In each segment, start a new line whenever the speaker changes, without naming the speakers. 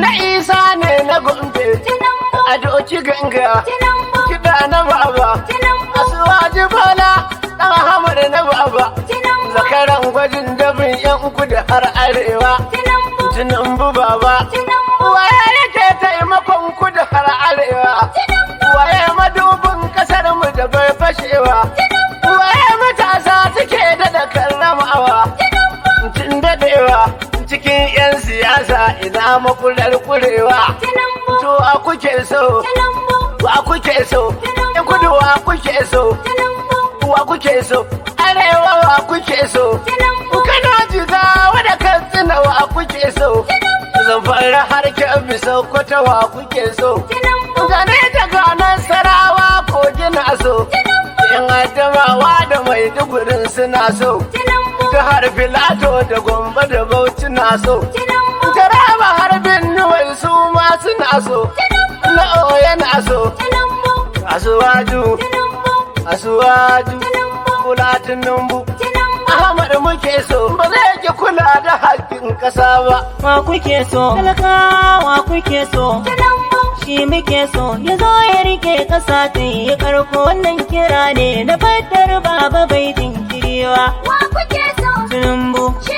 na isa ne na gombe a doki ganga kiɗa na baba a suwaji bala ɗan hamar na baba zakaran gwajin dabin yan kudu har arewa bu baba ga kurewa to a kuke so wa kuke so in kudu wa kuke so wa kuke so arewa wa kuke so kana jiga wadda kan tsina wa kuke so zamfara har kyanbi sokoto wa kuke so gane daga nan sarawa ko gina so yan adamawa da mai dugurin suna so ta Filato da gombe da bauchi na so aso na oya na aso asuwaju asuwaju kula tunumbu Ahmad muke so ba zai ki kula da hakkin. ƙasa ba. Wa kuke so, ku kuke so, shi muke
so, ya zo ya rike kasa ta yi karko wannan kira ne na fatar baba bai kiriwa. Wa kuke so, tunumbu, shi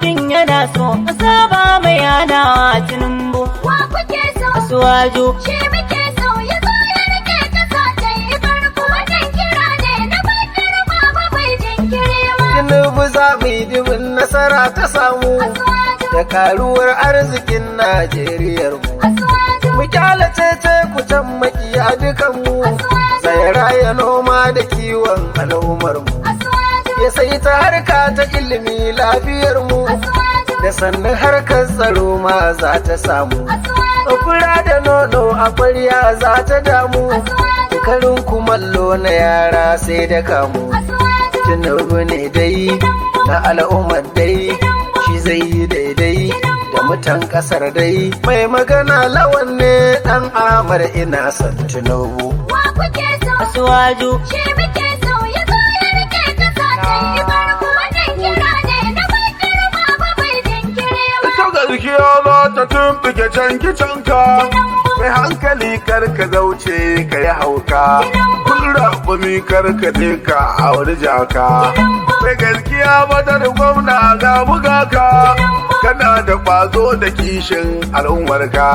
mutum yana so ƙasa ba mai a tinubu wa kuke so suwaju shi muke so ya zo ya rike ƙasa ta yi farko wajen kira ne na bakar baba bai jinkiri ba
tinubu za mu yi dubin nasara ta samu da karuwar arzikin Najeriya. mu mu ce ku can makiya dukan mu zai raya noma da kiwon al'ummar mu ya sai ta harka ta ilimi lafiyar mu da sannan harkar tsaro ma za ta samu fura da nono a kwarya za ta damu karin kumallo na yara sai da kamu tunabu ne dai na al'ummar dai shi zai yi daidai da mutan kasar dai mai magana lawan ne dan amar ina son tunabu
wa kuke so asuwaju shi muke
Mikiya za ta tumɓuke canki canka. Mai hankali kar ka zauce ka yi hauka. Kun raɓumi kar ka ɗinka a wani jaka. Mai gaskiya matar gwamna ga buga ka. Kana da ƙwazo da kishin al'ummarka.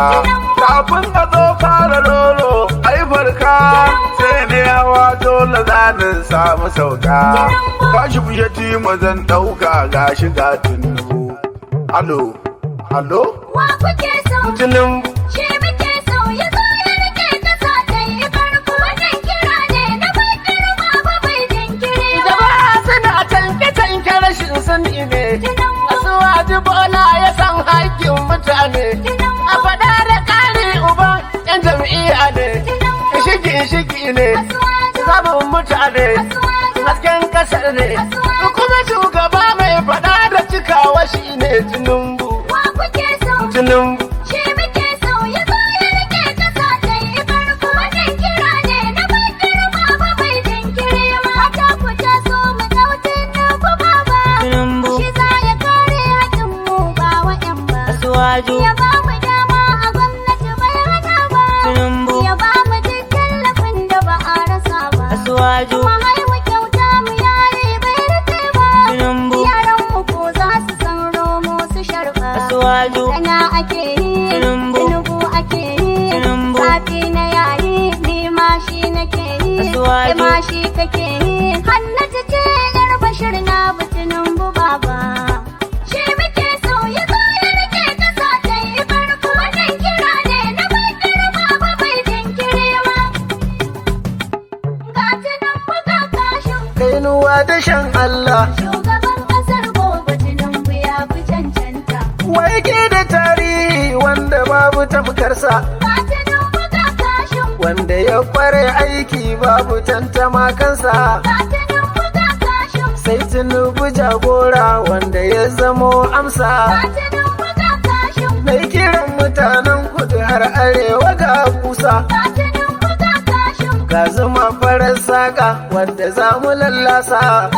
Kafin a zo fara lolo ai farka. Sai ne hawa dole zanin samu sauka. Kashi fushati mazan ɗauka gashi ga tunu. Alo. Allo?
Wa kuke so? Mutumin. Shi muke
so ya zo ya rike kasa ta yi farko wannan kira ne na bakar baba bai jinkiri. Jama'a suna tanke tanke rashin sani ne. A suwa ji bola ya san haƙƙin mutane. A faɗa da ƙari uba 'yan jam'iyya ne. Shiki shiki ne. Samun mutane. Hasken kasar ne.
wajo. Ya ba mu dama a gwamnati bai hana ba. Tinubu. Ya ba mu duk lafin da ba a rasa ba. Asuwajo. Kuma mu kyauta mu yare bai rike ba. Tinubu. Yaran mu ko za su san romo su sharba. Asuwajo. Sana ake yi. Tinubu. Tinubu ake yi. Tinubu. Sati na yare ni ma shi nake yi. Asuwajo. Ke ma shi kake
tamkarsa wanda ya kware aiki babu tantama kansa sai tunubu jagora wanda ya zamo amsa
mai kiran mutanen
kudu har arewa ga kusa ga zama farar saka wanda za mu lallasa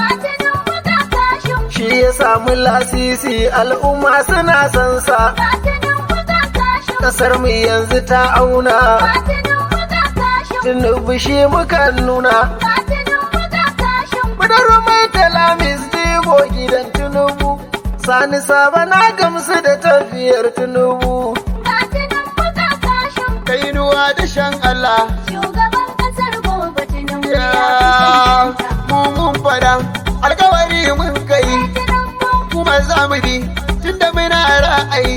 shi ya samu
lasisi al'umma suna sansa.
kasar mu yanzu ta auna tinubu shi
muka nuna
mudarwa mai talamis
dibo gidan tunubu, sani saba na gamsu da tafiyar tinubu
kainuwa da shan Allah shugaban fada alkawari mun kai kuma za mu bi tunda muna ra'ayi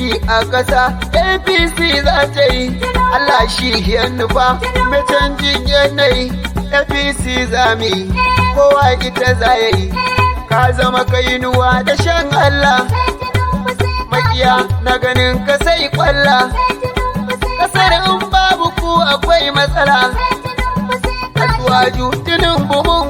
mulki a ƙasa apc za ta yi allah shi ya nufa mai canjin yanayi apc za mu yi kowa ita za ya yi ka zama kainuwa da shan allah makiya na ganin ka sai kwalla kasar in babu ku akwai matsala kasuwa jutunin buhun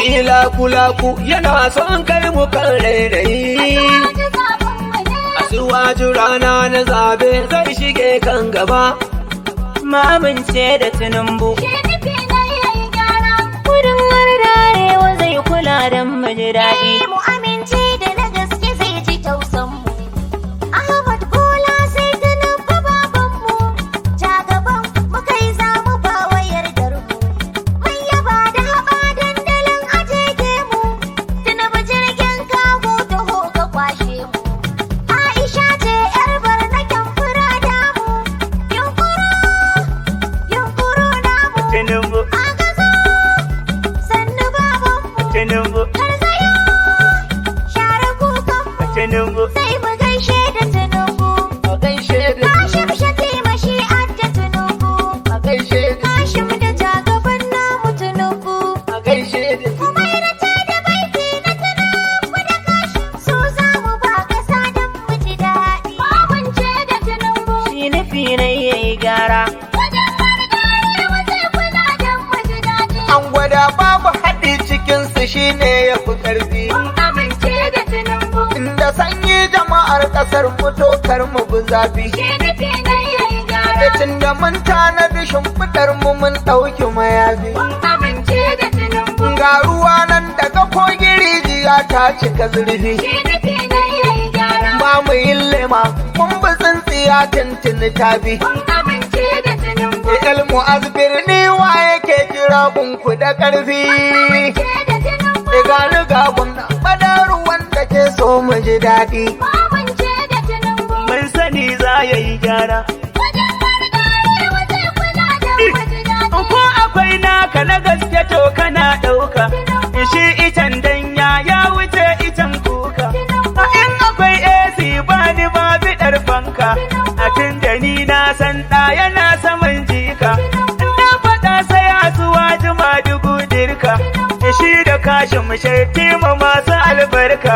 shi laku-laku
yana son kai mu kan rairayi. Asuwaju rana na zabe zai shige kan gaba. Mamince da tunumbu. Shi gyara. Kudin arewa zai kula don mu
shi ne ya fi ƙarfi. Mun amince da Tinubu. Inda sanyi jama'ar ƙasar fito kar mu bi zafi. Shi nufi
na yayi
gyara. Tun da mun tanadi shimfiɗar mu mun ɗauki mayafi. Mun amince da Tinubu. Ga ruwa nan daga kogin rijiya ta cika zurfi. Shi nufi na yayi gyara. Ba mu yi lema mun bi tsintsiya tuntuni tabi. bi. Mun amince da Tinubu. Ilmu azbirni wa yake kira bunku da ƙarfi. ba bada ruwan
da ke so mu ji daɗi. Mamance da tunan Mun sani za ya yi gyara. Wajen zai kula da daɗi. Ko akwai naka na gaske to kana ɗauka. Shi itan danya ya wuce itan kuka. A in akwai AC ba ni ba fanka. A tun da ni na san ɗaya na sama kashin sharti ma masu albarka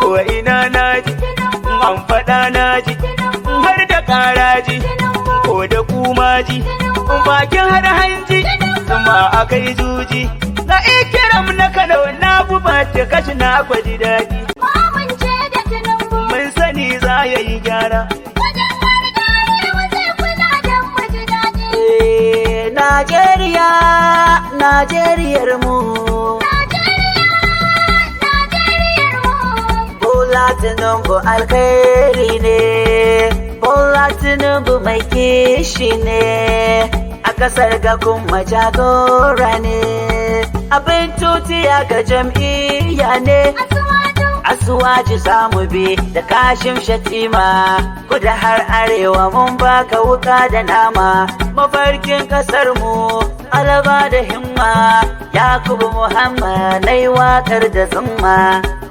ko ina naji an faɗa naji har da ƙaraji ko da kuma ji. bakin har hanji ma akai juji na ikiram na Kano na buba ta kashi na kwaji daɗi
mun sani za ya yi gyara
eh, Najeriya, Najeriyar mu. Bola Tinubu alkhairi ne, Bola Tinubu mai kishi ne, a ƙasar ga kuma jagora ne, abin tutiya ga jam'iyya ne. Asuwaji zamu bi da kashin shatima, kuda har arewa mun baka wuka da nama, mafarkin ƙasar mu alaba da himma, Yakubu Muhammad na yi waƙar da tsumma.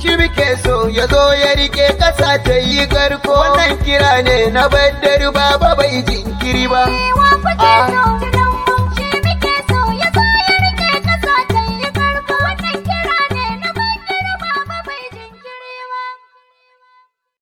shi muke so ya zo ya rike ƙasa ta yi garko wannan kira ne na baddar baba bai jinkiri ba. Ah.